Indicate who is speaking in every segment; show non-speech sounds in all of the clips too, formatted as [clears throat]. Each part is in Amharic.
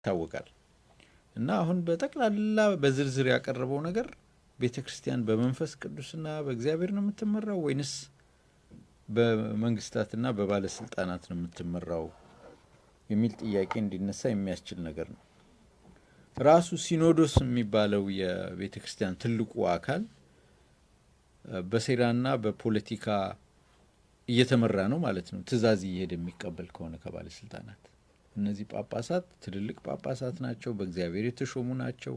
Speaker 1: ይታወቃል። እና አሁን በጠቅላላ በዝርዝር ያቀረበው ነገር ቤተ ክርስቲያን በመንፈስ ቅዱስና በእግዚአብሔር ነው የምትመራው ወይንስ በመንግስታትና በባለስልጣናት ነው የምትመራው የሚል ጥያቄ እንዲነሳ የሚያስችል ነገር ነው። ራሱ ሲኖዶስ የሚባለው የቤተ ክርስቲያን ትልቁ አካል በሴራና በፖለቲካ እየተመራ ነው ማለት ነው፣ ትዕዛዝ እየሄደ የሚቀበል ከሆነ ከባለስልጣናት እነዚህ ጳጳሳት ትልልቅ ጳጳሳት ናቸው። በእግዚአብሔር የተሾሙ ናቸው።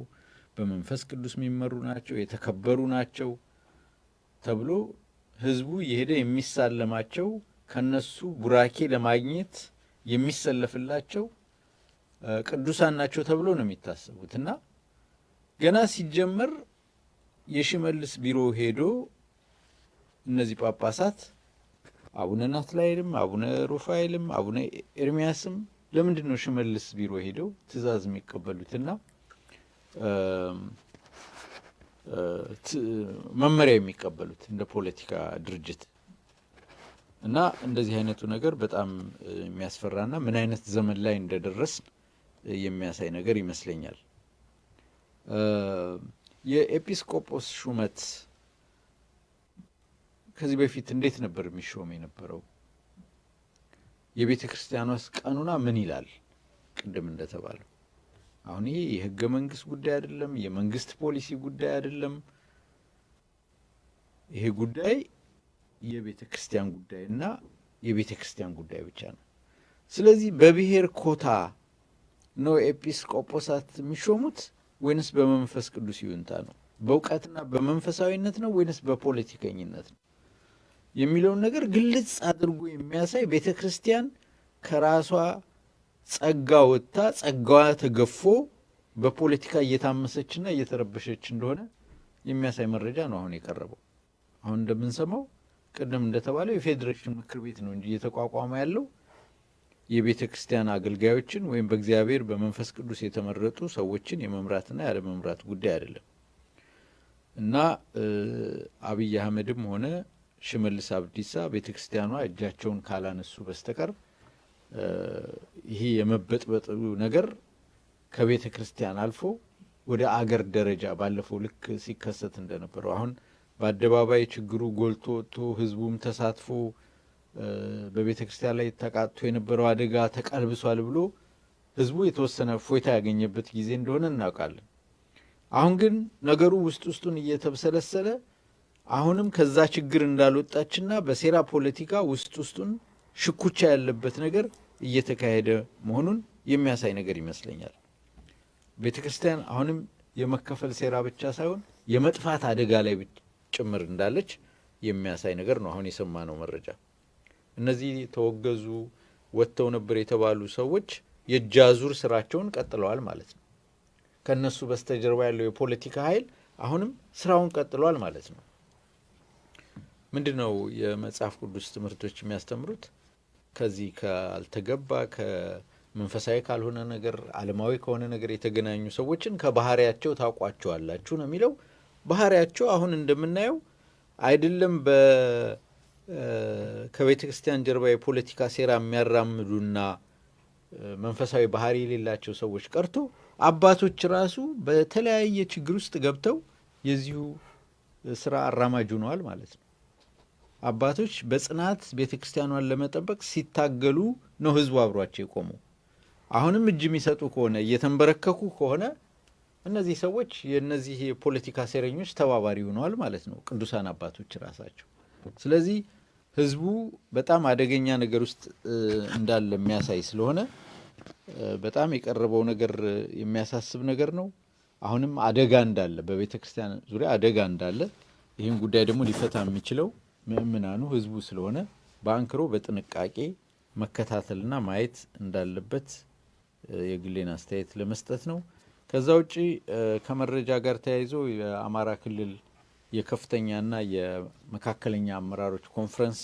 Speaker 1: በመንፈስ ቅዱስ የሚመሩ ናቸው። የተከበሩ ናቸው ተብሎ ህዝቡ የሄደ የሚሳለማቸው ከነሱ ቡራኬ ለማግኘት የሚሰለፍላቸው ቅዱሳን ናቸው ተብሎ ነው የሚታሰቡት እና ገና ሲጀመር የሽመልስ ቢሮ ሄዶ እነዚህ ጳጳሳት አቡነ ናትናኤልም አቡነ ሩፋኤልም አቡነ ኤርሚያስም ለምንድን ነው ሽመልስ ቢሮ ሄደው ትዕዛዝ የሚቀበሉትና መመሪያ የሚቀበሉት እንደ ፖለቲካ ድርጅት እና እንደዚህ አይነቱ ነገር በጣም የሚያስፈራና ምን አይነት ዘመን ላይ እንደደረስ የሚያሳይ ነገር ይመስለኛል። የኤጲስቆጶስ ሹመት ከዚህ በፊት እንዴት ነበር የሚሾም የነበረው? የቤተ ክርስቲያኗስ ቀኑና ምን ይላል? ቅድም እንደተባለው አሁን ይሄ የህገ መንግስት ጉዳይ አይደለም፣ የመንግስት ፖሊሲ ጉዳይ አይደለም። ይሄ ጉዳይ የቤተ ክርስቲያን ጉዳይና የቤተ ክርስቲያን ጉዳይ ብቻ ነው። ስለዚህ በብሔር ኮታ ነው ኤጲስቆጶሳት የሚሾሙት ወይንስ በመንፈስ ቅዱስ ይሁንታ ነው? በእውቀትና በመንፈሳዊነት ነው ወይንስ በፖለቲከኝነት ነው? የሚለውን ነገር ግልጽ አድርጎ የሚያሳይ ቤተ ክርስቲያን ከራሷ ጸጋ ወጥታ ጸጋዋ ተገፎ በፖለቲካ እየታመሰችና እየተረበሸች እንደሆነ የሚያሳይ መረጃ ነው አሁን የቀረበው። አሁን እንደምንሰማው ቅድም እንደተባለው የፌዴሬሽን ምክር ቤት ነው እንጂ እየተቋቋመ ያለው የቤተ ክርስቲያን አገልጋዮችን ወይም በእግዚአብሔር በመንፈስ ቅዱስ የተመረጡ ሰዎችን የመምራትና ያለመምራት ጉዳይ አይደለም እና አብይ አህመድም ሆነ ሽመልስ አብዲሳ ቤተክርስቲያኗ እጃቸውን ካላነሱ በስተቀር ይሄ የመበጥበጥ ነገር ከቤተ ክርስቲያን አልፎ ወደ አገር ደረጃ ባለፈው ልክ ሲከሰት እንደነበረው አሁን በአደባባይ ችግሩ ጎልቶ ወጥቶ ህዝቡም ተሳትፎ በቤተ ክርስቲያን ላይ ተቃጥቶ የነበረው አደጋ ተቀልብሷል ብሎ ህዝቡ የተወሰነ እፎይታ ያገኘበት ጊዜ እንደሆነ እናውቃለን። አሁን ግን ነገሩ ውስጥ ውስጡን እየተብሰለሰለ አሁንም ከዛ ችግር እንዳልወጣችና በሴራ ፖለቲካ ውስጥ ውስጡን ሽኩቻ ያለበት ነገር እየተካሄደ መሆኑን የሚያሳይ ነገር ይመስለኛል። ቤተ ክርስቲያን አሁንም የመከፈል ሴራ ብቻ ሳይሆን የመጥፋት አደጋ ላይ ጭምር እንዳለች የሚያሳይ ነገር ነው። አሁን የሰማነው መረጃ እነዚህ ተወገዙ ወጥተው ነበር የተባሉ ሰዎች የጃዙር ስራቸውን ቀጥለዋል ማለት ነው። ከእነሱ በስተጀርባ ያለው የፖለቲካ ኃይል አሁንም ስራውን ቀጥለዋል ማለት ነው። ምንድን ነው የመጽሐፍ ቅዱስ ትምህርቶች የሚያስተምሩት? ከዚህ ካልተገባ ከመንፈሳዊ ካልሆነ ነገር ዓለማዊ ከሆነ ነገር የተገናኙ ሰዎችን ከባህሪያቸው ታውቋቸዋላችሁ ነው የሚለው። ባህሪያቸው አሁን እንደምናየው አይደለም ከቤተ ክርስቲያን ጀርባ የፖለቲካ ሴራ የሚያራምዱና መንፈሳዊ ባህሪ የሌላቸው ሰዎች ቀርቶ አባቶች ራሱ በተለያየ ችግር ውስጥ ገብተው የዚሁ ስራ አራማጅ ሆነዋል ማለት ነው። አባቶች በጽናት ቤተ ክርስቲያኗን ለመጠበቅ ሲታገሉ ነው ህዝቡ አብሯቸው የቆመው። አሁንም እጅ የሚሰጡ ከሆነ እየተንበረከኩ ከሆነ እነዚህ ሰዎች የእነዚህ የፖለቲካ ሴረኞች ተባባሪ ሆነዋል ማለት ነው፣ ቅዱሳን አባቶች ራሳቸው። ስለዚህ ህዝቡ በጣም አደገኛ ነገር ውስጥ እንዳለ የሚያሳይ ስለሆነ በጣም የቀረበው ነገር የሚያሳስብ ነገር ነው። አሁንም አደጋ እንዳለ በቤተ ክርስቲያን ዙሪያ አደጋ እንዳለ ይህን ጉዳይ ደግሞ ሊፈታ የሚችለው ምእምናኑ ህዝቡ ስለሆነ በአንክሮ በጥንቃቄ መከታተልና ማየት እንዳለበት የግሌን አስተያየት ለመስጠት ነው። ከዛ ውጭ ከመረጃ ጋር ተያይዞ የአማራ ክልል የከፍተኛና የመካከለኛ አመራሮች ኮንፈረንስ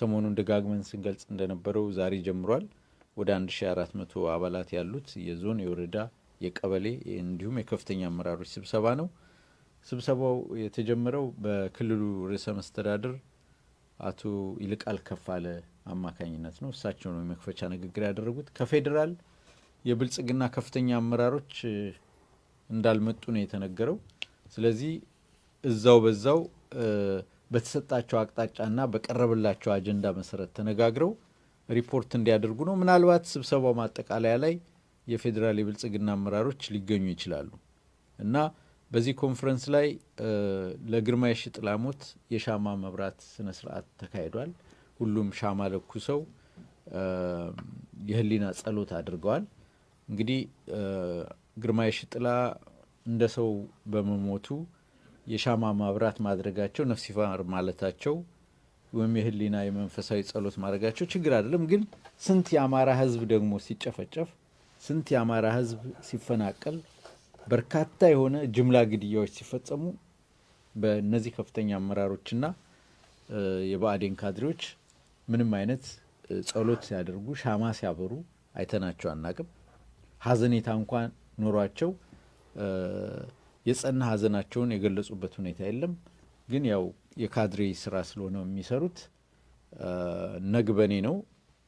Speaker 1: ሰሞኑን ደጋግመን ስንገልጽ እንደነበረው ዛሬ ጀምሯል። ወደ 1400 አባላት ያሉት የዞን የወረዳ የቀበሌ እንዲሁም የከፍተኛ አመራሮች ስብሰባ ነው። ስብሰባው የተጀመረው በክልሉ ርዕሰ መስተዳድር አቶ ይልቃል ከፋለ አማካኝነት ነው። እሳቸው ነው የመክፈቻ ንግግር ያደረጉት። ከፌዴራል የብልጽግና ከፍተኛ አመራሮች እንዳልመጡ ነው የተነገረው። ስለዚህ እዛው በዛው በተሰጣቸው አቅጣጫና በቀረበላቸው አጀንዳ መሰረት ተነጋግረው ሪፖርት እንዲያደርጉ ነው። ምናልባት ስብሰባው ማጠቃለያ ላይ የፌዴራል የብልጽግና አመራሮች ሊገኙ ይችላሉ እና በዚህ ኮንፈረንስ ላይ ለግርማ የሽጥ ሞት የሻማ መብራት ስነ ስርዓት ተካሂዷል። ሁሉም ሻማ ለኩሰው የህሊና ጸሎት አድርገዋል። እንግዲህ ግርማ የሽጥላ እንደ ሰው በመሞቱ የሻማ ማብራት ማድረጋቸው ነፍስ ይማር ማለታቸው ወይም የህሊና የመንፈሳዊ ጸሎት ማድረጋቸው ችግር አይደለም። ግን ስንት የአማራ ህዝብ ደግሞ ሲጨፈጨፍ፣ ስንት የአማራ ህዝብ ሲፈናቀል በርካታ የሆነ ጅምላ ግድያዎች ሲፈጸሙ በእነዚህ ከፍተኛ አመራሮችና የባአዴን ካድሬዎች ምንም አይነት ጸሎት ሲያደርጉ ሻማ ሲያበሩ አይተናቸው አናቅም። ሀዘኔታ እንኳን ኖሯቸው የጸና ሀዘናቸውን የገለጹበት ሁኔታ የለም። ግን ያው የካድሬ ስራ ስለሆነ የሚሰሩት ነግበኔ ነው።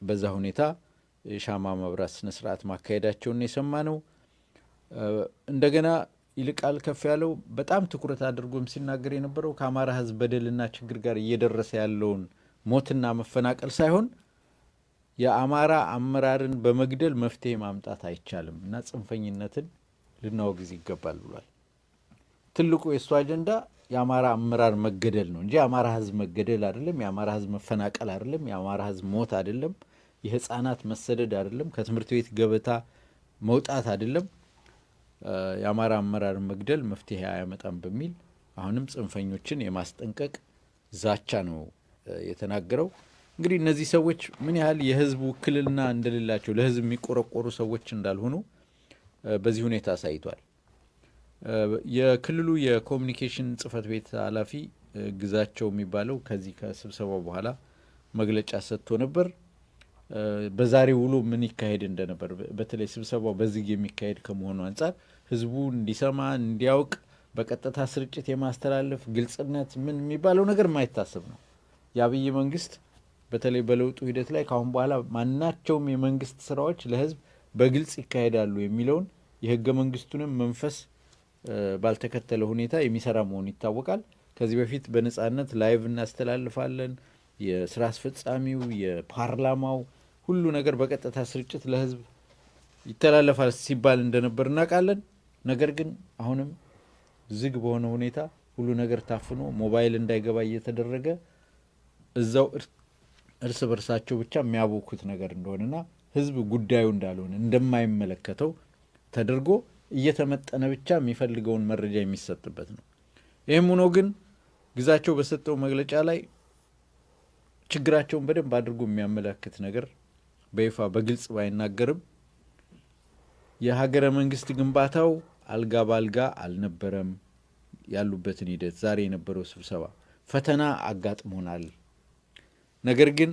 Speaker 1: በዛ ሁኔታ የሻማ መብራት ስነስርዓት ማካሄዳቸውን የሰማ ነው። እንደገና ይልቃል ከፍ ያለው በጣም ትኩረት አድርጎም ሲናገር የነበረው ከአማራ ህዝብ በደልና ችግር ጋር እየደረሰ ያለውን ሞትና መፈናቀል ሳይሆን የአማራ አመራርን በመግደል መፍትሄ ማምጣት አይቻልም እና ጽንፈኝነትን ልናወግዝ ይገባል ብሏል። ትልቁ የእሱ አጀንዳ የአማራ አመራር መገደል ነው እንጂ የአማራ ህዝብ መገደል አይደለም። የአማራ ህዝብ መፈናቀል አይደለም። የአማራ ህዝብ ሞት አይደለም። የህፃናት መሰደድ አይደለም። ከትምህርት ቤት ገበታ መውጣት አይደለም። የአማራ አመራር መግደል መፍትሄ አያመጣም በሚል አሁንም ጽንፈኞችን የማስጠንቀቅ ዛቻ ነው የተናገረው። እንግዲህ እነዚህ ሰዎች ምን ያህል የህዝብ ውክልና እንደሌላቸው ለህዝብ የሚቆረቆሩ ሰዎች እንዳልሆኑ በዚህ ሁኔታ አሳይቷል። የክልሉ የኮሚኒኬሽን ጽህፈት ቤት ኃላፊ ግዛቸው የሚባለው ከዚህ ከስብሰባው በኋላ መግለጫ ሰጥቶ ነበር። በዛሬ ውሎ ምን ይካሄድ እንደነበር በተለይ ስብሰባው በዝግ የሚካሄድ ከመሆኑ አንጻር ህዝቡ እንዲሰማ እንዲያውቅ በቀጥታ ስርጭት የማስተላለፍ ግልጽነት ምን የሚባለው ነገር የማይታሰብ ነው። የአብይ መንግስት በተለይ በለውጡ ሂደት ላይ ከአሁን በኋላ ማናቸውም የመንግስት ስራዎች ለህዝብ በግልጽ ይካሄዳሉ የሚለውን የህገ መንግስቱንም መንፈስ ባልተከተለ ሁኔታ የሚሰራ መሆኑ ይታወቃል። ከዚህ በፊት በነጻነት ላይቭ እናስተላልፋለን የስራ አስፈጻሚው፣ የፓርላማው ሁሉ ነገር በቀጥታ ስርጭት ለህዝብ ይተላለፋል ሲባል እንደነበር እናውቃለን። ነገር ግን አሁንም ዝግ በሆነ ሁኔታ ሁሉ ነገር ታፍኖ ሞባይል እንዳይገባ እየተደረገ እዛው እርስ በርሳቸው ብቻ የሚያቦኩት ነገር እንደሆነና ህዝብ ጉዳዩ እንዳልሆነ እንደማይመለከተው ተደርጎ እየተመጠነ ብቻ የሚፈልገውን መረጃ የሚሰጥበት ነው። ይህም ሆኖ ግን ግዛቸው በሰጠው መግለጫ ላይ ችግራቸውን በደንብ አድርጎ የሚያመላክት ነገር በይፋ በግልጽ ባይናገርም የሀገረ መንግስት ግንባታው አልጋ ባልጋ አልነበረም። ያሉበትን ሂደት ዛሬ የነበረው ስብሰባ ፈተና አጋጥሞናል፣ ነገር ግን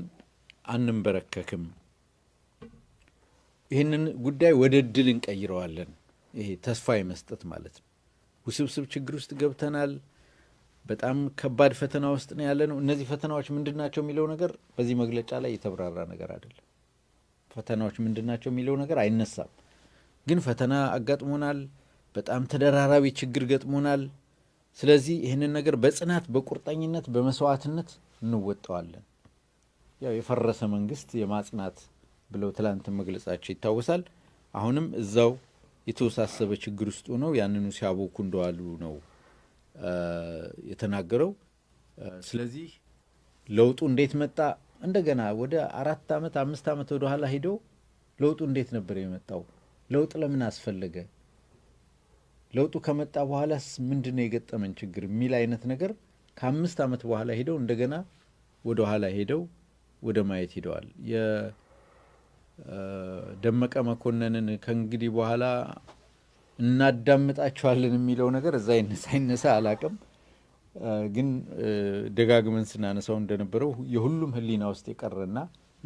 Speaker 1: አንንበረከክም። ይህንን ጉዳይ ወደ ድል እንቀይረዋለን። ይሄ ተስፋ የመስጠት ማለት ነው። ውስብስብ ችግር ውስጥ ገብተናል። በጣም ከባድ ፈተና ውስጥ ነው ያለ ነው። እነዚህ ፈተናዎች ምንድን ናቸው የሚለው ነገር በዚህ መግለጫ ላይ የተብራራ ነገር አይደለም። ፈተናዎች ምንድን ናቸው የሚለው ነገር አይነሳም። ግን ፈተና አጋጥሞናል። በጣም ተደራራቢ ችግር ገጥሞናል። ስለዚህ ይህንን ነገር በጽናት በቁርጠኝነት በመስዋዕትነት እንወጣዋለን። ያው የፈረሰ መንግስት የማጽናት ብለው ትላንት መግለጻቸው ይታወሳል። አሁንም እዛው የተወሳሰበ ችግር ውስጥ ሆነው ያንኑ ሲያቦኩ እንደዋሉ ነው የተናገረው። ስለዚህ ለውጡ እንዴት መጣ? እንደገና ወደ አራት ዓመት አምስት ዓመት ወደ ኋላ ሄደው ለውጡ እንዴት ነበር የመጣው? ለውጥ ለምን አስፈለገ? ለውጡ ከመጣ በኋላስ ምንድን ነው የገጠመን ችግር የሚል አይነት ነገር ከአምስት ዓመት በኋላ ሄደው እንደገና ወደ ኋላ ሄደው ወደ ማየት ሄደዋል። የደመቀ መኮንንን ከእንግዲህ በኋላ እናዳምጣቸዋለን የሚለው ነገር እዛ ይነሳ ይነሳ አላቅም፣ ግን ደጋግመን ስናነሳው እንደነበረው የሁሉም ህሊና ውስጥ የቀረና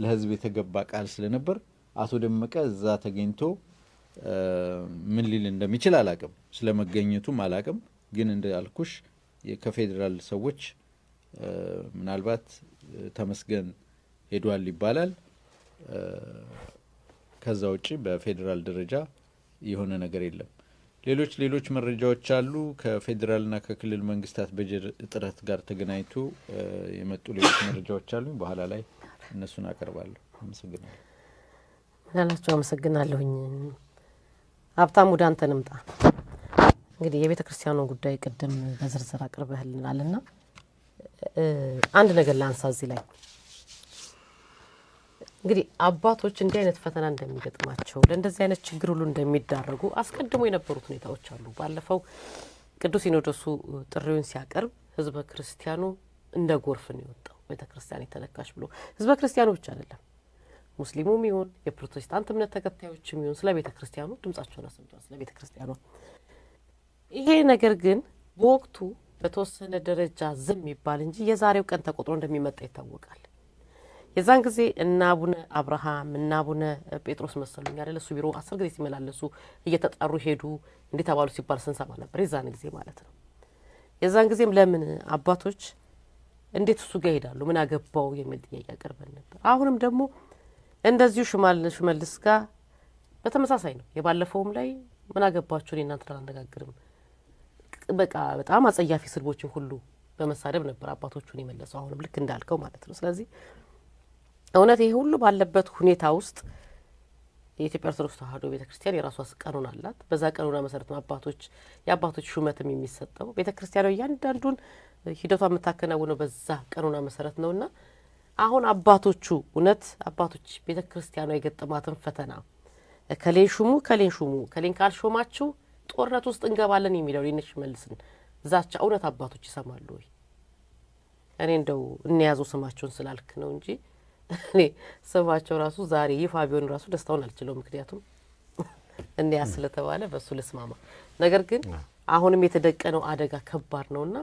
Speaker 1: ለህዝብ የተገባ ቃል ስለነበር አቶ ደመቀ እዛ ተገኝቶ ምን ሊል እንደሚችል አላቅም፣ ስለመገኘቱም አላቅም። ግን እንዳልኩሽ ከፌዴራል ሰዎች ምናልባት ተመስገን ሄዷል ይባላል። ከዛ ውጭ በፌዴራል ደረጃ የሆነ ነገር የለም። ሌሎች ሌሎች መረጃዎች አሉ። ከፌዴራልና ከክልል መንግስታት በጀት እጥረት ጋር ተገናኝቶ የመጡ ሌሎች መረጃዎች አሉ። በኋላ ላይ እነሱን አቀርባለሁ። አመሰግናለሁ።
Speaker 2: ላላቸው አመሰግናለሁኝ። ሀብታም ወደ አንተ ንምጣ። እንግዲህ የቤተ ክርስቲያኑ ጉዳይ ቅድም በዝርዝር አቅርበህልናልና አንድ ነገር ላንሳ እዚህ ላይ እንግዲህ አባቶች እንዲህ አይነት ፈተና እንደሚገጥማቸው ለእንደዚህ አይነት ችግር ሁሉ እንደሚዳረጉ አስቀድሞ የነበሩት ሁኔታዎች አሉ። ባለፈው ቅዱስ ሲኖዶሱ ጥሪውን ሲያቀርብ ህዝበ ክርስቲያኑ እንደ ጎርፍ ነው የወጣው፣ ቤተ ክርስቲያን የተነካሽ ብሎ ህዝበ ክርስቲያኑ ብቻ አይደለም ሙስሊሙም ይሁን የፕሮቴስታንት እምነት ተከታዮችም ይሁን ስለ ቤተ ክርስቲያኑ ድምጻቸውን አሰምተዋል። ስለ ቤተ ክርስቲያኑ ይሄ ነገር ግን በወቅቱ በተወሰነ ደረጃ ዝም ይባል እንጂ የዛሬው ቀን ተቆጥሮ እንደሚመጣ ይታወቃል። የዛን ጊዜ እነ አቡነ አብርሃም እነ አቡነ ጴጥሮስ መሰሉኝ አይደል እሱ ቢሮ አስር ጊዜ ሲመላለሱ እየተጣሩ ሄዱ እንዴት ተባሉ ሲባል ስንሰማ ነበር። የዛን ጊዜ ማለት ነው። የዛን ጊዜም ለምን አባቶች እንዴት እሱ ጋር ይሄዳሉ ምን አገባው የሚል ጥያቄ አቅርበን ነበር። አሁንም ደግሞ እንደዚሁ ሽመልስ ጋር በተመሳሳይ ነው። የባለፈውም ላይ ምን አገባችሁን እናንተን አላነጋግርም በቃ በጣም አጸያፊ ስድቦችን ሁሉ በመሳደብ ነበር አባቶቹን የመለሰው። አሁንም ልክ እንዳልከው ማለት ነው። ስለዚህ እውነት ይሄ ሁሉ ባለበት ሁኔታ ውስጥ የኢትዮጵያ ኦርቶዶክስ ተዋህዶ ቤተ ክርስቲያን የራሷ ቀኖና አላት። በዛ ቀኖና መሰረት አባቶች የአባቶች ሹመትም የሚሰጠው ቤተ ክርስቲያኗ እያንዳንዱን ሂደቷ የምታከናውነው በዛ ቀኖና መሰረት ነውና አሁን አባቶቹ እውነት አባቶች ቤተ ክርስቲያኗ የገጠማትን ፈተና ከሌን ሹሙ ከሌን ሹሙ ከሌን ካልሾማችሁ ጦርነት ውስጥ እንገባለን የሚለው ሊነሽ መልስን ዛቻ እውነት አባቶች ይሰማሉ ወይ? እኔ እንደው እንያዘው ስማቸውን ስላልክ ነው እንጂ [laughs] እኔ ስማቸው ራሱ ዛሬ ይፋ ቢሆን ራሱ ደስታውን አልችለው፣ ምክንያቱም [laughs] እንያ ስለተባለ በእሱ ልስማማ። ነገር ግን አሁንም የተደቀነው አደጋ ከባድ ነውና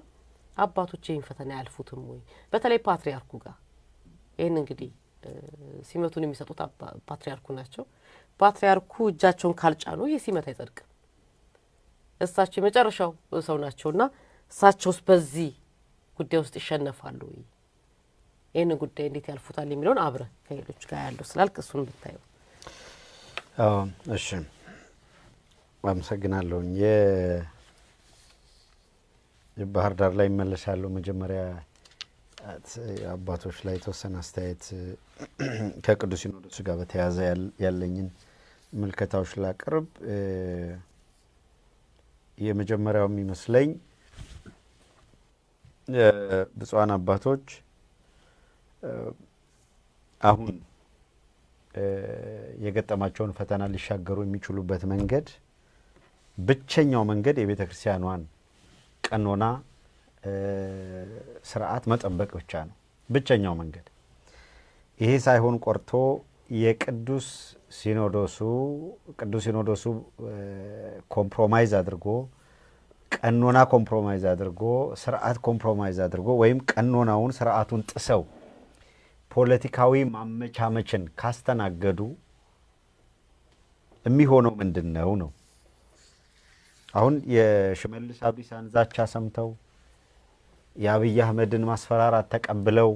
Speaker 2: አባቶች ይህን ፈተና ያልፉትም ወይ? በተለይ ፓትሪያርኩ ጋር ይህን እንግዲህ ሲመቱን የሚሰጡት ፓትሪያርኩ ናቸው። ፓትሪያርኩ እጃቸውን ካልጫኑ ይህ ሲመት አይጸድቅም። እሳቸው የመጨረሻው ሰው ናቸውና እሳቸውስ በዚህ ጉዳይ ውስጥ ይሸነፋሉ ወይ? ይህንን ጉዳይ እንዴት ያልፉታል የሚለውን አብረ ከሌሎች ጋር ያለው ስላልክ እሱን ብታዩ።
Speaker 1: እሺ አመሰግናለሁኝ። የባህር ዳር ላይ ይመለሳለሁ። መጀመሪያ አባቶች ላይ የተወሰነ አስተያየት [clears throat] ከቅዱስ ሲኖዶሱ ጋር በተያያዘ ያለኝን ምልከታዎች ላቅርብ። የመጀመሪያው የሚመስለኝ ብፁዓን አባቶች አሁን የገጠማቸውን ፈተና ሊሻገሩ የሚችሉበት መንገድ ብቸኛው መንገድ የቤተ ክርስቲያኗን ቀኖና ስርዓት መጠበቅ ብቻ ነው። ብቸኛው መንገድ ይሄ ሳይሆን ቆርቶ የቅዱስ ሲኖዶሱ ቅዱስ ሲኖዶሱ ኮምፕሮማይዝ አድርጎ ቀኖና ኮምፕሮማይዝ አድርጎ ስርዓት ኮምፕሮማይዝ አድርጎ ወይም ቀኖናውን ስርዓቱን ጥሰው ፖለቲካዊ ማመቻመችን ካስተናገዱ የሚሆነው ምንድን ነው ነው። አሁን የሽመልስ አብዲሳን ዛቻ ሰምተው የአብይ አህመድን ማስፈራራት ተቀብለው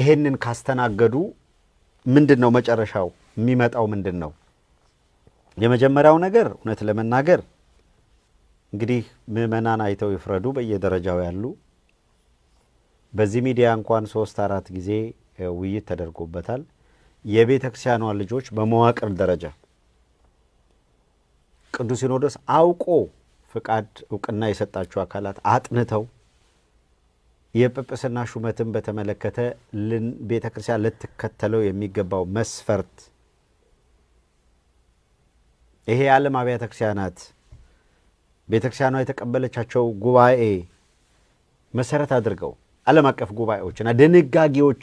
Speaker 1: ይሄንን ካስተናገዱ ምንድን ነው መጨረሻው? የሚመጣው ምንድን ነው? የመጀመሪያው ነገር እውነት ለመናገር እንግዲህ ምዕመናን አይተው ይፍረዱ፣ በየደረጃው ያሉ በዚህ ሚዲያ እንኳን ሶስት አራት ጊዜ ውይይት ተደርጎበታል። የቤተ ክርስቲያኗ ልጆች በመዋቅር ደረጃ ቅዱስ ሲኖዶስ አውቆ ፍቃድ እውቅና የሰጣቸው አካላት አጥንተው የጵጵስና ሹመትን በተመለከተ ቤተ ክርስቲያን ልትከተለው የሚገባው መስፈርት ይሄ የዓለም አብያተ ክርስቲያናት ቤተ ክርስቲያኗ የተቀበለቻቸው ጉባኤ መሰረት አድርገው ዓለም አቀፍ ጉባኤዎችና ድንጋጌዎች